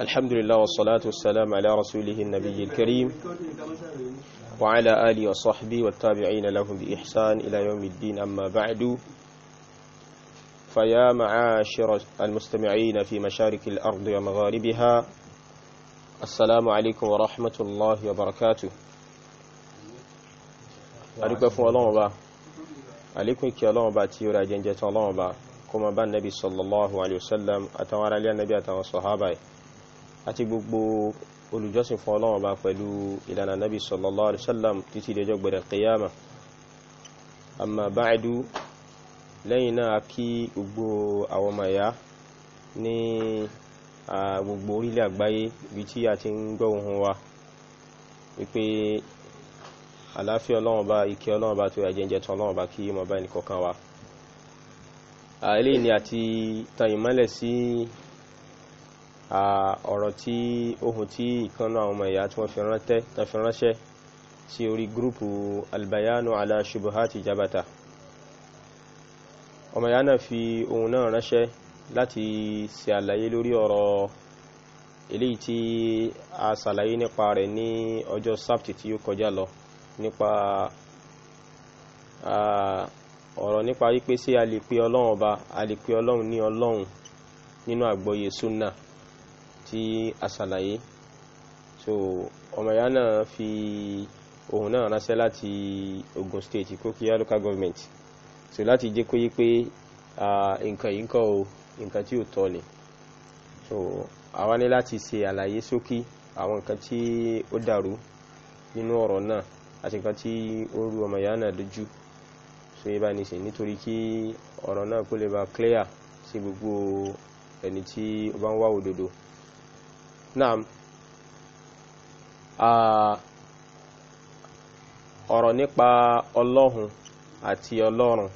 الحمد لله والصلاة والسلام على رسوله النبي الكريم وعلى آله وصحبه والتابعين لهم بإحسان إلى يوم الدين أما بعد فيا معاشر المستمعين في مشارك الأرض ومغاربها السلام عليكم ورحمة الله وبركاته أرجو فو الله با عليكم كي الله با تيورا جنجة الله با كما بان النبي صلى الله عليه وسلم أتوارى لي النبي أتوارى الصحابة àti gbogbo olùjọ́sìn fún ọlọ́run ọba pẹ̀lú ìlànà nabi sallallahu alaihi wasallam títí dẹjọ́ gbẹ̀dẹ̀ qiyama amma ba'du lẹ́yìn náà kí gbogbo àwọn ọmọ ẹ̀yà ní gbogbo orílẹ̀ àgbáyé ibi tí a ti ń gbọ́ ohun wa wípé àláfíà ọlọ́run ọba ìkẹ́ ọlọ́run ọba tó yà jẹ́jẹ́ tán ọlọ́run kí mọ̀ bá ẹnì kọ̀ọ̀kan wa eléyìí ni àti tayìmọ́lẹ̀ sí ọ̀rọ̀ tí ohun tí ìkànnà àwọn ọmọ ìyá tí wọ́n fi ránṣẹ́ sí orí gúrùpù albayanu ala shubuhati jabata ọmọ ìyá náà fi ohun náà ránṣẹ́ láti ṣe àlàyé lórí ọ̀rọ̀ eléyìí tí a ṣàlàyé nípa rẹ̀ ní ọjọ́ sábtì tí ó kọjá lọ nípa ọ̀rọ̀ nípa wípé sí a ọlọ́run ọba a ọlọ́run ní ọlọ́run nínú àgbọ́yé súnnà tí a ṣàlàyé so ọmọ ìyá náà fi ohun náà ránṣẹ́ láti Ogun State Kokia local government so láti jẹ́ kó yí pé nǹkan yìí nǹkan o nǹkan tí ò tọ́ ni so àwa ní láti ṣe àlàyé ṣókí àwọn nǹkan tí ó dàrú nínú ọ̀rọ̀ náà àti nǹkan tí ó rú ọmọ ìyá náà lójú so yí bá ní sè nítorí kí ọ̀rọ̀ náà kó lè bá clear sí gbogbo ẹni tí ó bá ń wá òdodo naam ọ̀rọ̀ nípa ọlọ́hun àti ọlọ́run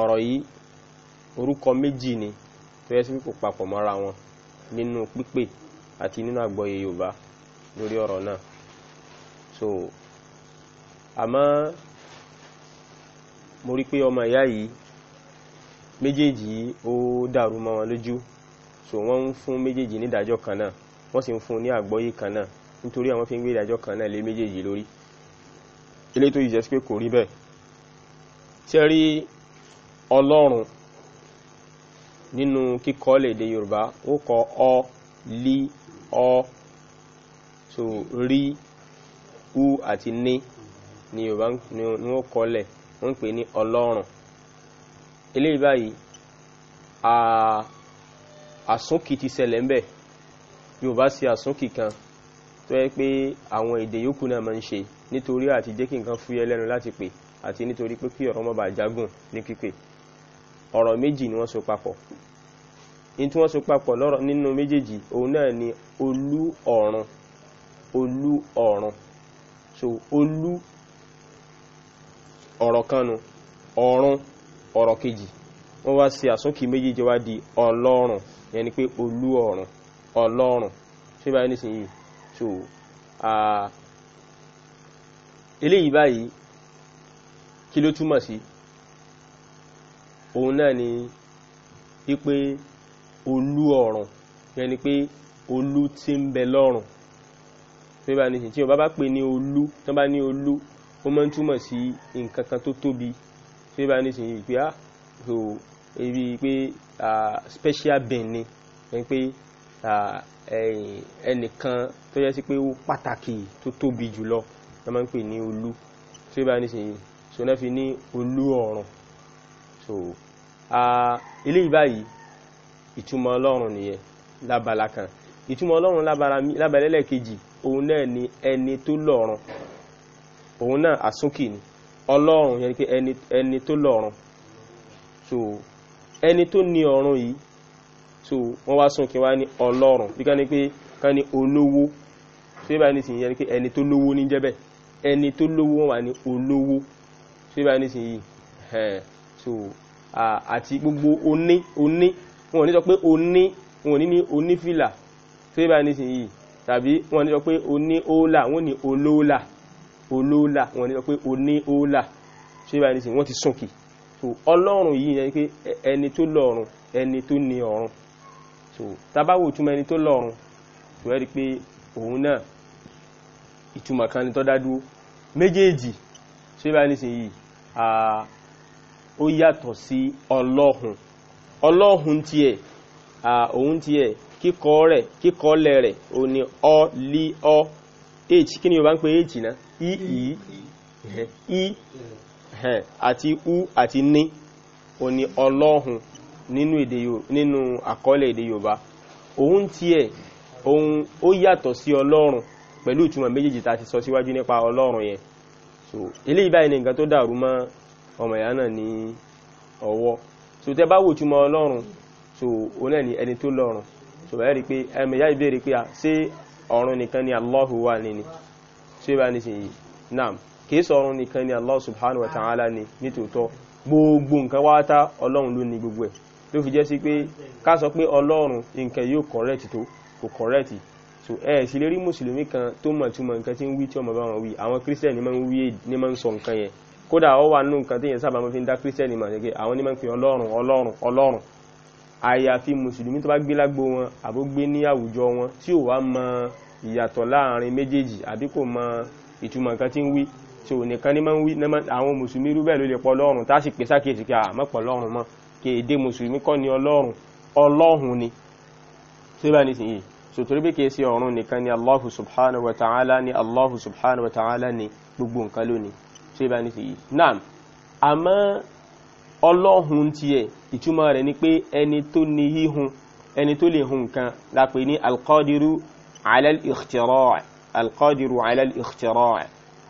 ọ̀rọ̀ yìí orúkọ méjì ni tó yẹ sí kò papọ̀ mọ́ra wọn nínú pípè àti nínú àgbọ́yé yorùbá lórí ọ̀rọ̀ náà so àmọ́ mo rí pé ọmọ ìyá yìí méjèèjì ó dàrú mọ́ wọn lójú so wọ́n ń fún méjèèjì ní ìdájọ́ kan náà wọ́n sì ń fún ní àgbọ́yé kan náà nítorí àwọn fi ń gbé ìdájọ́ kan náà lé méjèèjì lórí ilé tó ìjẹ́sí pé kò rí bẹ́ẹ̀ ṣe rí ọlọ́run nínú kíkọ́ lédè yorùbá ó kọ ọ lí ọ so rí u àti ní ni yorùbá ni wọ́n kọlẹ̀ wọ́n ń pè ní ọlọ́run eléyìí báyìí àsúnkì ti ṣẹlẹ̀ ń bẹ̀ yorùbá sí àsúnkì kan tó yẹ pé àwọn èdè yòókù náà máa ń ṣe nítorí àti jẹ́ kí nǹkan fúyẹ́ lẹ́nu láti pè àti nítorí pé kí ọ̀rọ̀ má bàa jágùn ní pípè ọ̀rọ̀ méjì ni wọ́n so papọ̀ ní tí wọ́n so papọ̀ lọ́rọ̀ nínú méjèèjì òun náà ni olú ọ̀run olú ọ̀run so olú ọ̀rọ̀ kan nu ọ̀run ọ̀rọ̀ kejì wọ́n wá sí àsúnkì méjèèjì wá di ọlọ́run yẹn ni pé olú ọ̀run ọlọ́run ṣé báyìí nísìnyí so eléyìí báyìí kí ló túmọ̀ sí òun náà ni wípé olú ọ̀run yẹn ni pé olú tí ń bẹ lọ́run ṣé báyìí nísìnyí tí ọba bá pè ní olú tí wọ́n bá ní olú ó máa ń túmọ̀ sí nǹkan kan tó tóbi ṣé báyìí nísìnyí pé ah so ebi pé special being ni ẹni pé ẹnìkan tó yẹ sí pé ó pàtàkì tó tóbi jùlọ wọ́n máa ń pè ní olú tí ó bá ní sèyí so náà fi ní olú ọ̀run so eléyìí báyìí ìtumọ̀ ọlọ́run nìyẹn lábala kan ìtumọ̀ ọlọ́run lábalẹ́lẹ̀ kejì òun náà ni ẹni tó lọ́run òun náà àsúnkì ni ọlọ́run yẹn ni pé ẹni tó lọ́run so ẹni tó ní ọ̀run yìí so wọ́n wá sún kí wá ní ọlọ́run bí ká ní pé ká ní olówó ṣé ní sìn yẹn ni pé ẹni tó lówó ní jẹ́bẹ̀ ẹni tó lówó wà ní olówó ṣé ní sìn yìí so àti gbogbo oní oní wọn ò ní sọ pé oní wọn ò ní ní onífìlà ṣé bá ní sìn yìí tàbí wọn ò ní sọ pé oní óòlà wọn ò ní olóòlà olóòlà wọn ò ní sọ pé oní óòlà ṣé ní sìn wọ́n ti sún kìí so ọlọ́run yìí yẹn pé ẹni tó lọ́run ẹni tó ní ọ̀run so tabawo túmọ̀ ẹni tó lọ́run tó ẹ́ rí pé òun náà ìtumọ̀ kan ni tó méjèèjì ṣé bá ní sìn yìí ó yàtọ̀ sí ọlọ́hun ọlọ́hun tiẹ̀ òun tiẹ̀ ní ọ lí ọ h kí ni yorùbá ń i ẹ̀hẹ̀n àti u àti ní o ní ọlọ́hun nínú èdè nínú àkọọ́lẹ̀ èdè yorùbá òun tiẹ̀ òun ó yàtọ̀ sí ọlọ́run pẹ̀lú ìtumọ̀ méjèèjì tá a ti sọ síwájú nípa ọlọ́run yẹn so eléyìí báyìí ni nǹkan tó dàrú mọ́ ọmọ ìyá náà ní ọwọ́ so tẹ bá so òun náà ẹni tó so rí pé ẹmọ ìyá ìbéèrè pé ṣé ọ̀run nìkan ni wà nínú ṣé bá ní sìn naam kìí sọ̀run nìkan ni Allah subhanahu wa ta'ala ni nítòótọ́ gbogbo nǹkan wáátá ọlọ́run ló ní gbogbo ẹ̀ ló fi jẹ́ sí pé ká sọ pé ọlọ́run nǹkan yóò correct tó kò correct so ẹ̀ sì lérí mùsùlùmí kan tó mọ̀ túmọ̀ nǹkan tí ń wí tí ọmọ bá wọn wí àwọn kírísítẹ̀nì máa ń wí ní máa ń sọ nǹkan yẹn kódà ó wà nínú nǹkan téèyàn sábà máa fi ń dá kírísítẹ̀nì mọ̀ gẹ́gẹ́ àwọn ní máa ń fi ọlọ́run ọlọ́run ọlọ́run àyàfi mùsùlùmí tó bá gbé lágbo wọn àbó gbé ní àwùjọ wọn tí ò wá mọ ìyàtọ̀ láàrin méjèèjì àbí kò mọ ìtumọ̀ nǹkan tí ń wí so nìkan ní máa ń wí àwọn mùsùlùmí rú bẹ́ẹ̀ ló lè pọ̀ ọlọ́run tá a sì pè sákèsì kí a má pọ̀ ọlọ́run mọ́ kí èdè mùsùlùmí kọ́ ni ọlọ́run ọlọ́run ni tó bá nísìnyí so torí bí kìí ṣe ọ̀run nìkan ni allahu subhanahu wa ta'ala ni allahu subhanahu wa ta'ala ni gbogbo nǹkan lónìí tó bá nísìnyí naam àmọ́ ọlọ́run tiẹ̀ ìtumọ̀ rẹ̀ ni pé ẹni tó ní híhun ẹni tó lè hun nǹkan la ní alqadiru ala al-ikhtira' alqadiru ala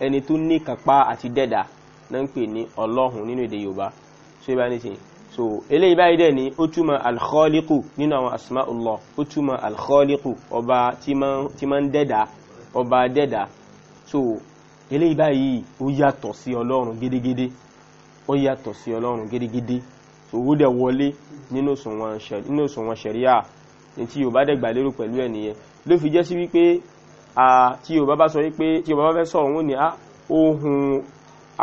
ẹni tó ní kápá àti dẹ́dà náà ń pè ní ọlọ́hun nínú èdè yorùbá so ibà ní sìn so eléyìí báyìí dẹ̀ ni ó túmọ̀ alkhọ́líkù nínú àwọn asmaullah ó túmọ̀ alkhọ́líkù ọba tí máa ń dẹ́dà ọba dẹ́dà so eléyìí báyìí ó yàtọ̀ sí ọlọ́run gédégédé ó yàtọ̀ sí ọlọ́run gédégédé so ó dẹ̀ wọlé nínú òṣùwọ̀n ṣẹ̀ríà ní tí yorùbá dẹ̀ gbà lérò pẹ̀lú ẹ̀ nìyẹn ló fi jẹ́ sí wípé tí o bàbá sọ wípé tí o bàbá fẹ́ sọ̀rọ̀ wọn ni ah, ohun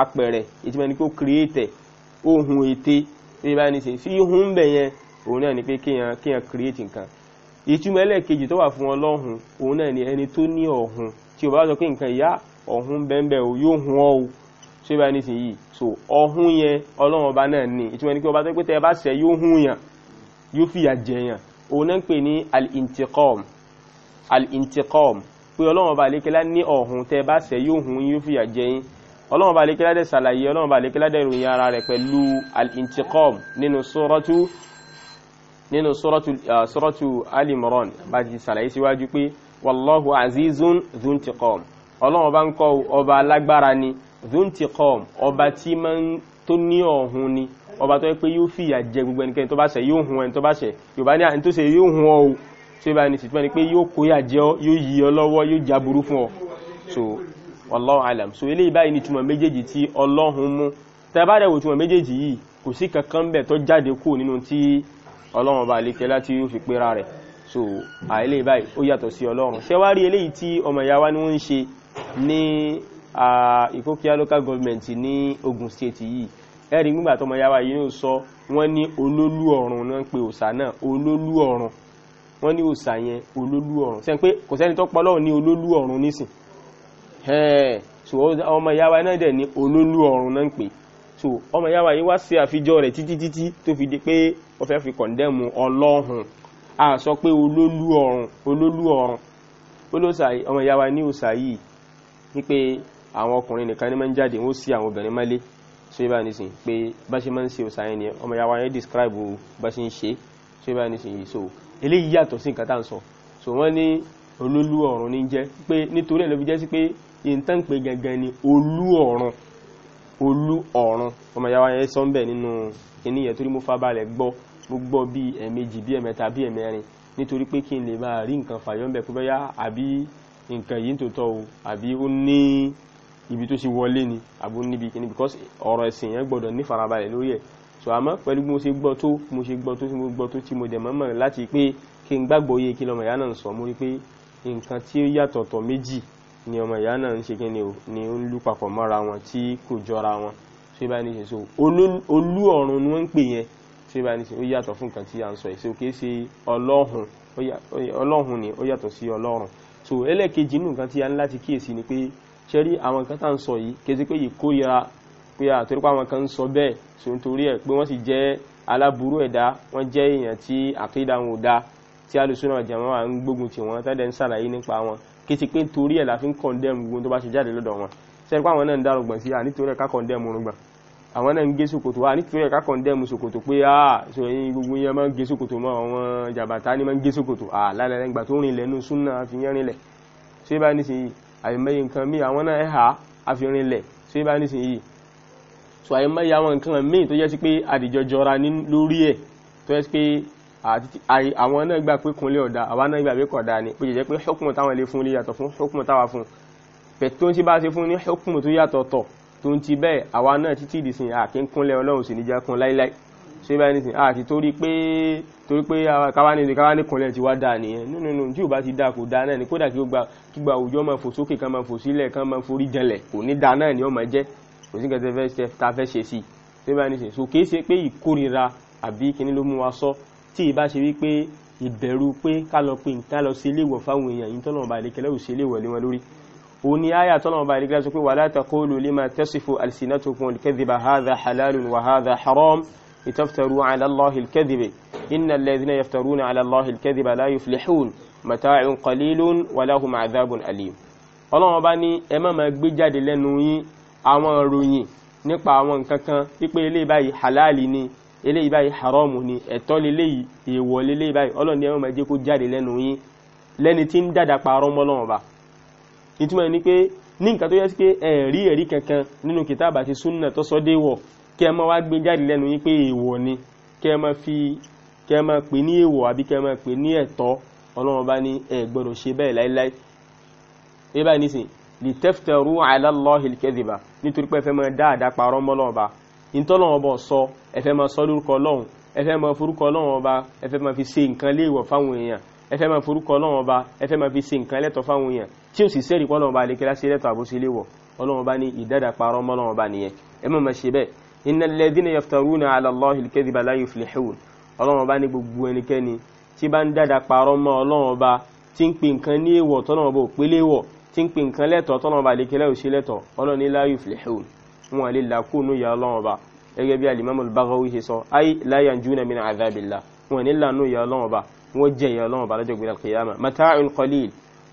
apẹ̀rẹ̀ ìtumọ̀ ni pé ó kírètẹ̀ ohun ète bí bá ní sè sí ihun bẹ̀ yẹn òun náà ni pé kéèyàn kéèyàn kírètì nǹkan ìtumọ̀ ẹlẹ́ẹ̀kejì tó wà fún ọlọ́hun òun náà ni ẹni tó ní ọ̀hun tí o bàbá sọ pé nǹkan ìyá ọ̀hun bẹ́ẹ̀ o yóò hun ọ́ o ṣé bá ní sè yìí so ọ̀hun yẹn ọlọ́run ọba náà ni ìtumọ̀ ni pé ọba tó pé tẹ́ ẹ bá ṣẹ̀ yóò hun yàn yóò fìyà jẹ̀yàn òun náà ń pè ní al-intiqam pé ọlọ́run ọba àlékelá ní ọ̀hún tẹ́ bá ṣẹ̀ yóò hun yóò fìyà jẹ yín ọlọ́run ọba àlékelá dẹ̀ ṣàlàyé ọlọ́run ọba àlékelá dẹ̀ ròyìn ara rẹ̀ pẹ̀lú al-intiqam nínú suratu nínú bá ti ṣàlàyé síwájú pé wallahu azizun dhuntiqam ọlọ́run ọba ń kọ́ ọba alágbára ni dhuntiqam ọba tí máa ń tó ní ọ̀hún ni ọba tó yẹ pé yóò fìyà jẹ gbogbo ẹnikẹ́ni tó bá ṣẹ̀ yóò hun ẹni tó bá ṣẹ̀ yorùbá ní à tí ó bá ní sìtúmọ̀ ni pé yóò kó yà jẹ́ yóò yí ọ yóò jáburú fún ọ so wallahu alam so eléyìí báyìí ni túmọ̀ méjèèjì tí ọlọ́hun mú tẹ́ bá dẹ̀wò túmọ̀ méjèèjì yìí kò sí kankan bẹ̀ tó jáde kú nínú tí ọlọ́run bá lè kẹlá tí ó fi pera rẹ̀ so eléyìí báyìí ó yàtọ̀ sí ọlọ́run ṣé wá rí ni wọ́n ń ṣe local government ní Ogun state yìí ẹ̀rí nígbà tọmọ ìyá wa yìí ní ó wọ́n ní òsà yẹn olólú ọ̀run sẹ́n pé kò sẹ́ni tó pọ́lọ́ ní olólú ọ̀run nísìn ẹ̀ẹ́ so ọmọ ìyáwa náà dẹ̀ ní olólú ọ̀run náà ń pè so ọmọ ìyáwa yìí wá sí àfijọ́ rẹ̀ títí títí tó fi di pé ó fẹ́ fi kọ̀ndẹ́mù ọlọ́hun a sọ pé olólú ọ̀run olólú ọ̀run olóòsà ọmọ ìyáwa ní òsà yìí ní pé àwọn ọkùnrin nìkan ní máa ń jáde wọ́n sí àwọn obìnrin mọ́lé so ibà nísìn pé bá ṣe máa ń ṣe òsà yẹn ni ọmọ ìyáwa yẹn describe bá ṣe ń ṣe so ibà nísìn yìí so eléyìí yàtọ̀ sí nǹkan tá ń sọ so wọ́n ní olólú ọ̀run ní jẹ́ pé nítorí ẹ̀lọ́bí jẹ́ sí pé ìntàn pé gangan ni olú ọ̀run olú ọ̀run ọmọ ìyá wa yẹn sọ ń bẹ̀ nínú ìníyẹn torí mo fábalẹ̀ gbọ́ mo gbọ́ bí ẹ̀ẹ̀mejì bí ẹ̀ẹ̀mẹ́ta bí ẹ̀ẹ̀mẹ́rin nítorí pé kí n lè máa rí nǹkan fàyọ́ ń bẹ̀ pé bóyá àbí nǹkan yìí tó tọ́ o àbí ó ní ibi tó ṣe wọlé ni àbí ó níbi kíní because ọ̀rọ̀ ẹ̀sìn yẹn gbọ́dọ̀ ní farabalẹ̀ lórí ẹ̀ so àmọ́ pẹ̀lú bí mo ṣe gbọ́ tó mo ṣe gbọ́ tó tí mo gbọ́ tó tí mo dẹ̀ mọ́mọ́ láti pé kí n gbàgbọ́ yé kí lọ́mọ ìyá náà sọ mo rí pé nǹkan tí ó yàtọ̀tọ̀ méjì ni ọmọ ìyá náà ń ṣe kí ni ó ń lù papọ̀ mọ́ra wọn tí kò jọra wọn ṣé bá ní ṣe so olú ọ̀run ni wọ́n ń pè yẹn ṣé bá ní ṣe ó yàtọ̀ fún nǹkan tí à ń sọ èso kìí ṣe ọlọ́hun ni ó yàtọ̀ sí ọlọ́run so ẹlẹ́ẹ̀kejì inú nǹkan tí a ní láti kíyèsí ni pé ṣe rí àwọn nǹkan tá à ń sọ yìí kì í ṣe pé yìí kórìíra pé àtòrípá àwọn kan ń sọ bẹ́ẹ̀ so nítorí ẹ̀ pé wọ́n sì jẹ́ aláburú ẹ̀dá wọ́n jẹ́ èèyàn tí àkídà wọn ò da tí alùsùnà àjàmọ́ à ń gbógun tì wọ́n tẹ́lẹ̀ ń ṣàlàyé nípa wọn kì í pé nítorí ẹ̀ la fi ń condemn gbogbo tó bá ṣe jáde lọ́dọ̀ wọn sẹ́ni pé àwọn náà ń dá rògbọ̀n sí à nítorí ẹ̀ ká condemn rògbọ̀n àwọn náà ń gé ṣòkòtò à nítorí ẹ̀ ká condemn ṣòkòtò pé à sọ yín gbogbo yẹn máa ń gé ṣòkòtò mọ́ àwọn jàbàtà ni máa ń gé ṣòkòtò à lálẹ́ ìgbà tó rìn lẹ́nu súnà àfi yẹn rinlẹ̀ ṣé bá nísìnyí àìmọye nǹkan míì àwọn náà ẹ̀ so àyè mẹ́yà àwọn nǹkan míì tó yẹ sí pé àdìjọjọra lórí ẹ̀ tó yẹ sí pé àwọn náà gbà pé kúnlé ọ̀dà àwa náà gbà pé kọ̀dà ni pé jẹ́jẹ́ pé ṣọ́kùnmù táwọn lè fún lè yàtọ̀ fún ṣọ́kùnmù táwa fún pẹ̀ tó ń ti bá ṣe fún ní ṣọ́kùnmù tó yàtọ̀ tọ̀ tó ń ti bẹ́ẹ̀ àwa náà títí ìdìsìn àkí ń kúnlẹ̀ ọlọ́run sì ní jẹ́ kún láíláí ṣé báyìí nìsín àti torí pé torí pé káwá ní káwá ní kúnlẹ̀ ti wá dáa nìyẹn nínú nínú tí ò bá ti dáa kò dáa náà ni kódà kí gba àwùjọ máa fò sókè kan máa fò sílẹ̀ kan máa forí jẹlẹ̀ kò ní dáa náà ni ó jẹ́ kò sí nǹkan tá fẹ́ ṣe sí i tó bá ní ṣe so kìí ṣe pé ìkórira àbí kíní ló mú wa sọ tí ì bá ṣe wípé ìbẹ̀rù pé ká lọ pé nǹkan lọ sí iléèwọ̀ fáwọn èèyàn yìí tọ́nà ọba ìlékẹ́lẹ́ ò sí iléèwọ̀ lé wọn lórí òun ni àyà tọ́nà ọba ìlékẹ́lẹ́ sọ pé wala taqulu lima tasifu alsinatukum al-kadhiba hadha halalun wa hadha haram litaftaru ala Allahi al-kadhiba innal ladhina yaftaruna ala Allahi al-kadhiba la yuflihun mata'un àwọn ìròyìn nípa àwọn nǹkan kan wípé eléyìí báyìí halali ni eléyìí báyìí haramu ni ẹ̀tọ́ leléyìí èèwọ̀ leléyìí báyìí ọlọ́ni ẹ̀wọ̀n máa jẹ́ kó jáde lẹ́nu yín lẹ́ni tí ń dàdà parọ́ mọ́lọ́wọ́n bá ìtumọ̀ ni pé ní nǹkan tó yẹ sí pé fi kí ẹ máa pè ní èèwọ̀ àbí kí ẹ máa pè ní ẹ̀tọ́ ṣe bẹ́ẹ̀ láíláí lè tẹ́fẹ̀rú aláàlọ́hìl kẹ́dìbà nítorí pé ẹfẹ́ máa dáadáa parọ́ mọ́lọ́ọ̀ba ìtọ́lọ́wọ́ bọ̀ sọ ẹfẹ́ máa sọ lórúkọ ọlọ́run ẹfẹ́ máa forúkọ ọlọ́run ọba ẹfẹ́ máa fi ṣe nǹkan léèwọ̀ fáwọn èèyàn ẹfẹ́ máa forúkọ ọlọ́run ọba ẹfẹ́ máa fi ṣe nǹkan lẹ́tọ̀ fáwọn èèyàn tí ó sì sẹ́rì pọ́ ọlọ́run ọba lè kíláṣí lẹ́tọ̀ àbóṣe léèwọ̀ ọlọ́run ọba ní ìdáda parọ́ mọ́lọ́run ọba nìyẹn ẹ má máa ṣe tí ń pè nǹkan lẹ́tọ̀ tọ́lọ́wọ́n bá lékelẹ́ ò ṣe lẹ́tọ̀ ọlọ́ni la yuflihun wọn lè làkúnú ya ọlọ́wọ́n bá gẹ́gẹ́ bí alimami al-Baghawi ṣe sọ ay la yanjuna min adhabillah wọn ní lànú ya ọlọ́wọ́n bá wọn jẹ ya ọlọ́wọ́n bá lọ́jọ́ gbéra kìyàmà mata'un qalil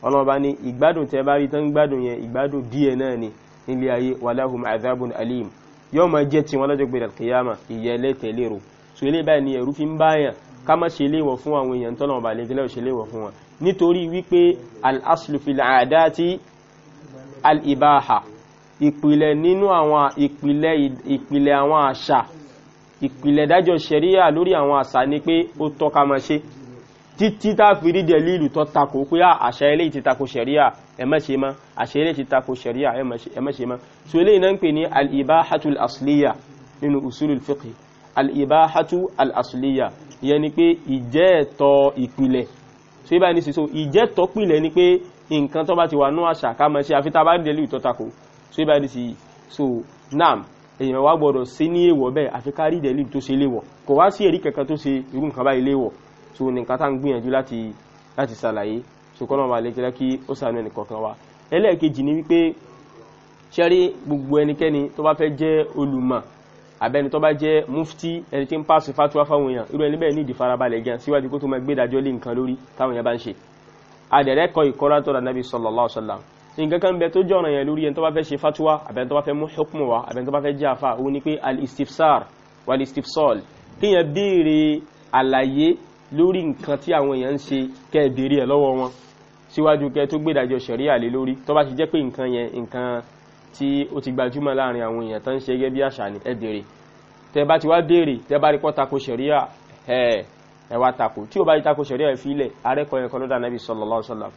ọlọ́wọ́n bá ní ìgbádùn tẹ́ bá rí tán gbádùn yẹn ìgbádùn díẹ̀ náà ni nílé ayé walahum adhabun alim yóò máa jẹ́ tiwọn lọ́jọ́ gbéra kìyàmà ìyẹlẹ́ tẹ̀lé ro so ká má ṣe léwọ̀ fún àwọn èèyàn tọ́lọ̀ ọba àlejò ṣe léwọ̀ fún wọn nítorí wípé al-aslu fil aadati al-ibaha ìpìlẹ̀ nínú àwọn ìpìlẹ̀ ìpìlẹ̀ àwọn àṣà ìpìlẹ̀ dájọ́ ṣẹ̀ríyà lórí àwọn àṣà ni pé ó tọ́ ká má ṣe títí tá fi rí dẹ̀lílù tó takò pé ah, àṣà eléyìí ti takò ṣẹ̀ríà ẹ má ṣe mọ́ àṣà eléyìí ti takò ṣẹ̀ríà ẹ má ṣe mọ́ so eléyìí náà ń pè ní al-ibahatul asliya nínú usulul fiqh al-ibahatul asliya ìyẹn ni pé ìjẹ́ ẹ̀tọ́ ìpìlẹ̀ so ibà ní sísọ ìjẹ́ ẹ̀tọ́ pìlẹ̀ ni pé nǹkan tó bá ti wà ní àṣà ká máa ṣe àfi tá a bá dé lè tọ́ tako so ibà ní sí so nam èèyàn wá gbọ́dọ̀ sí ní èèwọ̀ bẹ́ẹ̀ àfi ká rí dẹ̀lì tó ṣe léwọ̀ kò wá sí ẹ̀rí kankan tó ṣe irú nǹkan báyìí léwọ̀ so nǹkan tá ń gbìyànjú láti ṣàlàyé so kọ́nà wà lè kí ó sànú ẹnì kọ̀ọ̀kan wa ẹlẹ́ẹ̀kejì ni wípé ṣẹ́rí gbogbo ẹnikẹ́ni tó bá fẹ́ jẹ́ olùmọ̀ abẹni tó bá jẹ́ mufti ẹni tí ń pàṣẹ fatuwa fáwọn èèyàn irú ẹni bẹ́ẹ̀ ní ìdífarabalẹ̀ gan síwájú kó tó máa gbé ìdájọ́ lé nǹkan lórí táwọn èèyàn bá ń ṣe adẹ̀rẹ́ kọ ìkọ́ra tó ra nabi sallallahu alaihi wasallam nǹkan kan bẹ tó jọ̀ràn yẹn lórí ẹni tó bá fẹ́ ṣe fatuwa abẹni tó bá fẹ́ mú hukmu wa abẹni tó bá fẹ́ jẹ́ àfa òun ni pé al-istifsar wal-istifsal kéèyàn béèrè àlàyé lórí nǹkan tí àwọn èèyàn ń ṣe kẹ́ẹ̀ béèrè ẹ̀ lọ́wọ́ wọn síwájú kẹ́ẹ̀ tó gbé ìdájọ́ ṣẹ̀ríà lé lórí tó bá ti jẹ́ pé nǹkan yẹn nǹkan tí ó ti gbajúmọ̀ láàrin àwọn èèyàn tó ń ṣe gẹ́gẹ́ bí àṣà ní ẹ̀dẹ̀rẹ̀ tẹ bá ti wá béèrè tẹ bá rí pọ́ tako ṣẹ̀ríà ẹ̀ ẹ̀ wá tako tí ó bá rí tako ṣẹ̀ríà ìfilẹ̀ arẹ́kọ̀ọ́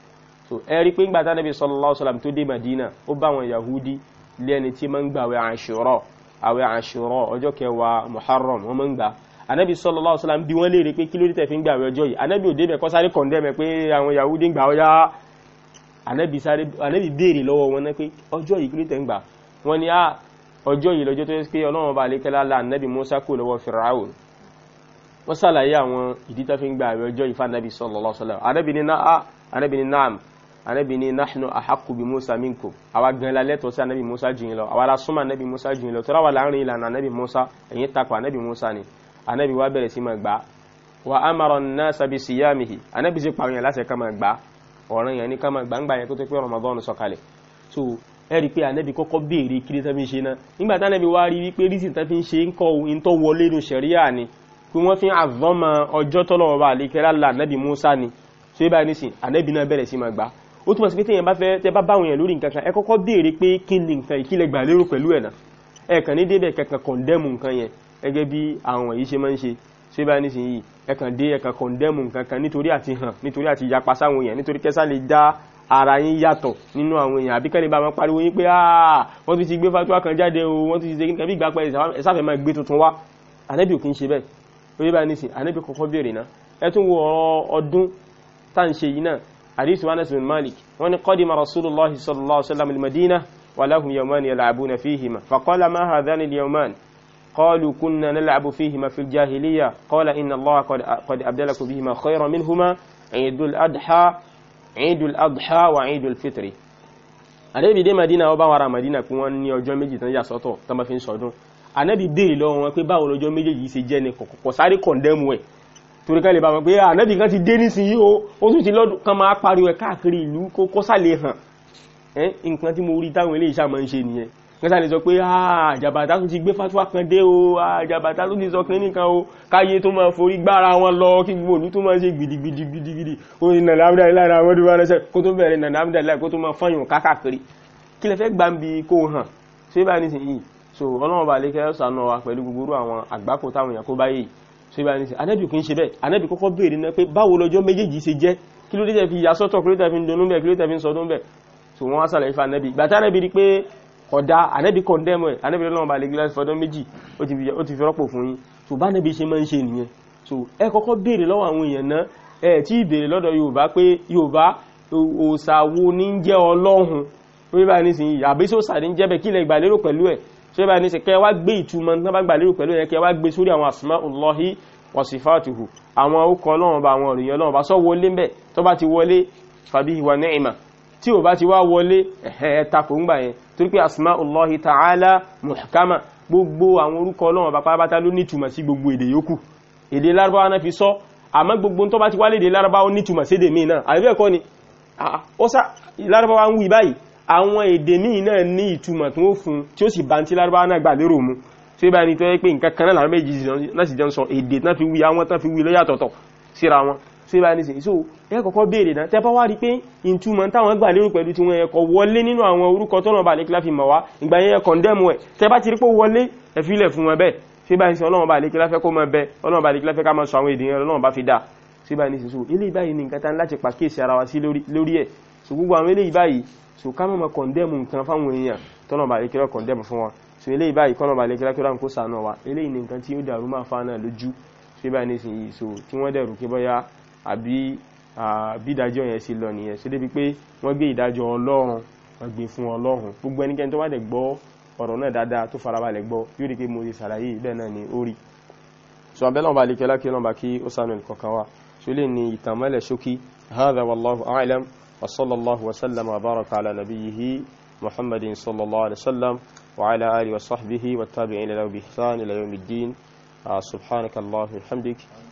so ẹ rí pé ńgbà tá nàbì sallallahu Madina ó bá àwọn Yahudi lẹ́ni tí máa ń gbà àwẹ̀ Àṣúrà àwẹ̀ Àṣúrà ọjọ́ kẹwàá Muharram wọ́n máa ń gbà anabi sallallahu alaihi wasallam bí wọ́n léèrè pé kí ló dé tẹ̀ fi ń gbà àwẹ̀ anabi ò débẹ̀ kọ́ sáré kọ̀ndẹ́mẹ̀ pé àwọn Yahudi ń gbà ànábì béèrè lọ́wọ́ wọn náà pé ọjọ́ yìí kílítẹ̀ ń gbà wọ́n ní à ọjọ́ yìí lọ́jọ́ tó yẹ pé ọlọ́run bá lékẹ́lá la ànábì Musa kò lọ́wọ́ Firaun wọ́n sàlàyé àwọn ìdí tó fi ń gba àwẹ̀ ọjọ́ yìí fànàbì sallallahu alaihi wasallam ànábì ní náà ànábì ní náà ànábì nahnu ahaqqu bi Musa minkum àwa gan la lẹ́tọ̀ọ́ sí ànábì Musa jìn lọ àwa la súnmọ́ ànábì Musa jìn lọ tọ́ra wà láàrin ìlànà ànábì Musa ẹ̀yìn takò ànábì Musa ni ànábì wa wa amara an-nasa siyamihi ànábì sì pàwọn yẹn láṣẹ ká ọ̀ràn yẹn ní ká máa gbangba yẹn kó tó pé Ramadan sọ̀kalẹ̀ so ẹ rí i pé ànábì kọ́kọ́ béèrè kí ló fi ń ṣe náà nígbà tí ànábì wá rí i pé reason tó fi ń ṣe ń kọ́ ohun tó wọlé nu sẹ̀ríyà ni pé wọ́n fi ń àvọ́mọ ọjọ́ tọ́lọ́wọ́ bá àlékẹ́rẹ́ là ànábì Musa ni so ibà nísìn ànábì náà bẹ̀rẹ̀ sí máa gbà ó túmọ̀ sí pé téèyàn bá fẹ́ tẹ́ bá báwọn èèyàn lórí nǹkan kan ẹ kọ́kọ́ béèrè pé kí ni nǹkan ìkílẹ̀ gbà lérò pẹ̀lú ẹ̀ ṣé bá nísìn yìí ẹkàn dé ẹkàn kọ̀ndẹ́mù kankan nítorí àti hàn nítorí àti yapa sáwọn èèyàn nítorí kẹsà lè dá ara yín yàtọ̀ nínú àwọn èèyàn àbí kẹ́lẹ́ bá wọn pariwo yín pé ah, wọ́n ti ti gbé fatuwa kan jáde o wọ́n ti ti ṣe kíkan bí ìgbà máa gbé tuntun wá ànẹ́bì òkín ṣe bẹ́ẹ̀ orí nísìn ànẹ́bì kọ́kọ́ béèrè náà ẹ tún wo ọdún tá ń ṣe yìí náà àdìsí wa nẹ́sìn malik wọ́n ní qadima rasulullahi sallallahu alaihi wasallam al-madina wa lahum yawman yal'abuna fihima faqala ma hadhani al قالوا كنا نلعب فيهما في الجاهلية قال إن الله قد, قد أبدلكم بهما خيرا منهما عيد الأضحى عيد الأضحى وعيد الفطر ànábì dé madina ọba wàrà madina pé wọ́n ní ọjọ́ méjì tán yà sọ́tọ̀ tán bá fi ń sọdún ànábì dé lọ wọn pé báwo lọ́jọ́ méjèèjì ṣe jẹ́ ní kọ̀kọ̀ sáré kọ̀ndẹ́mù ẹ̀ torí kan lè bá wọn pé ah, ànábì kan ti dé nísìnyí o ó tún ti lọ́dún kan máa pariwo ẹ̀ káàkiri ìlú kó kọ́sàlẹ̀ hàn nǹkan tí mo rí táwọn eléyìí ṣá máa ń ṣe nìyẹn kẹta lè sọ pé àjàbàtà ah, tún ti gbé fatuwa kan dé o àjàbàtà ah, tún ti sọ kí nìkan o káyé tó máa forí gbára wọn lọ kí gbogbo olú tó máa ṣe gidigidi gidigidi ó ní nàlá amúdá ilá ara wọn dúró kó tó bẹ̀rẹ̀ nàlá amúdá ilá kó tó máa fọyàn kákàkiri kí lẹ fẹ́ gbàǹbi kó hàn ṣé bá nísìnyí so ọlọ́run bá lè kẹ́ sànù wa pẹ̀lú gbogbo àwọn àgbákò táwọn èèyàn kó báyìí ṣé bá nísìnyí anẹ́bì kì í ṣe bẹ́ẹ̀ anẹ́bì kọ́kọ́ béèrè náà pé báwo lọ́jọ́ méjèèjì ṣe jẹ́ kí ló dé tẹ̀ fi yasọ́tọ̀ kí ló tẹ̀ fi ń donú bẹ́ẹ̀ ọ̀dá ànẹ́bí kọ̀ndẹ́mọ̀ ànẹ́bí lọ́nà balẹ̀ gíláàsì fọdún méjì ó ti fi rọ́pò fún yín so bá nẹ́bí ṣe máa ń ṣe nìyẹn so ẹ kọ́kọ́ béèrè lọ́wọ́ àwọn èèyàn náà ẹ tí ìbèrè lọ́dọ̀ yorùbá pé yorùbá òòṣà wo ní ń jẹ́ ọlọ́hun wíwí bá ní sìn àbí sí òòṣà ní ń jẹ́bẹ̀ kí ilẹ̀ ìgbàlérò pẹ̀lú ẹ̀ ṣé bá ní sìn kẹ́ wá gbé wa sifatuhu tí ò bá ti wá wọlé ẹ̀ẹ́tàkò ń gbà yẹn torí pé asma'ullahi ta'ala muhkama gbogbo àwọn orúkọ ọlọ́run bàbá bátá ló nítumọ̀ sí gbogbo èdè yòókù èdè lárúbáwá náà fi sọ àmọ́ gbogbo tó bá ti wálé èdè lárúbáwá nítumọ̀ sí èdè míì náà àbí ẹ̀kọ́ ni ó sá lárúbáwá ń wí báyìí àwọn èdè míì náà ní ìtumọ̀ tó ń fún tí ó sì bá ti lárúbáwá náà gbà lérò mu tí ó bá ní tó yẹ pé nǹkan kan náà làwọn méjì náà sì jẹun sọ èdè náà fi wí àwọn tán fi wí lọ́yàtọ̀tọ̀ síra wọn so ibà ní sí so ẹ kọ́kọ́ béèrè náà tẹ́pá wá rí pé ìtumọ̀ táwọn gbà lérò pẹ̀lú tí wọ́n ẹ̀kọ́ wọlé nínú àwọn orúkọ tọ́nà bá lè kílá fi mọ̀ wá ìgbà yẹn kọ̀ndẹ́mù ẹ̀ tẹ́pá ti rí pé wọlé ẹ̀fílẹ̀ fún wọn bẹ́ẹ̀ sí ibà ní sí ọlọ́run bá lè kílá fẹ́ kó mọ bẹ́ẹ̀ ọlọ́run bá lè kílá fẹ́ ká mọ sọ àwọn èdèyàn ọlọ́run bá fi dá sí ibà ní sí so ilé ìbáyìí ni wa sí lórí ẹ̀ so gbogbo àwọn ilé ìbáyìí so ká mọ̀ àbí bí ìdájọ́ yẹn ṣe lọ nìyẹn ṣe débi pé wọ́n gbé ìdájọ́ ọlọ́run wọ́n gbé fún ọlọ́run gbogbo ẹnikẹ́ni tó bá dẹ̀ gbọ́ ọ̀rọ̀ náà dáadáa tó farabalẹ̀ gbọ́ yóò rí pé mo lè ṣàlàyé bẹ́ẹ̀ náà ni ó rí so abẹ́ náà bá lè kẹ́lá kí náà bá kí ó sànù ìkọ̀kan wa ṣe lè ní ìtànmọ́lẹ̀ ṣókí hadha wallahu a'lam wa sallallahu wa sallam wa baraka ala nabiyyihi muhammadin sallallahu alaihi wasallam wa ala alihi wa sahbihi wa tabi'in ila yawmi ihsan ila yawmi din subhanaka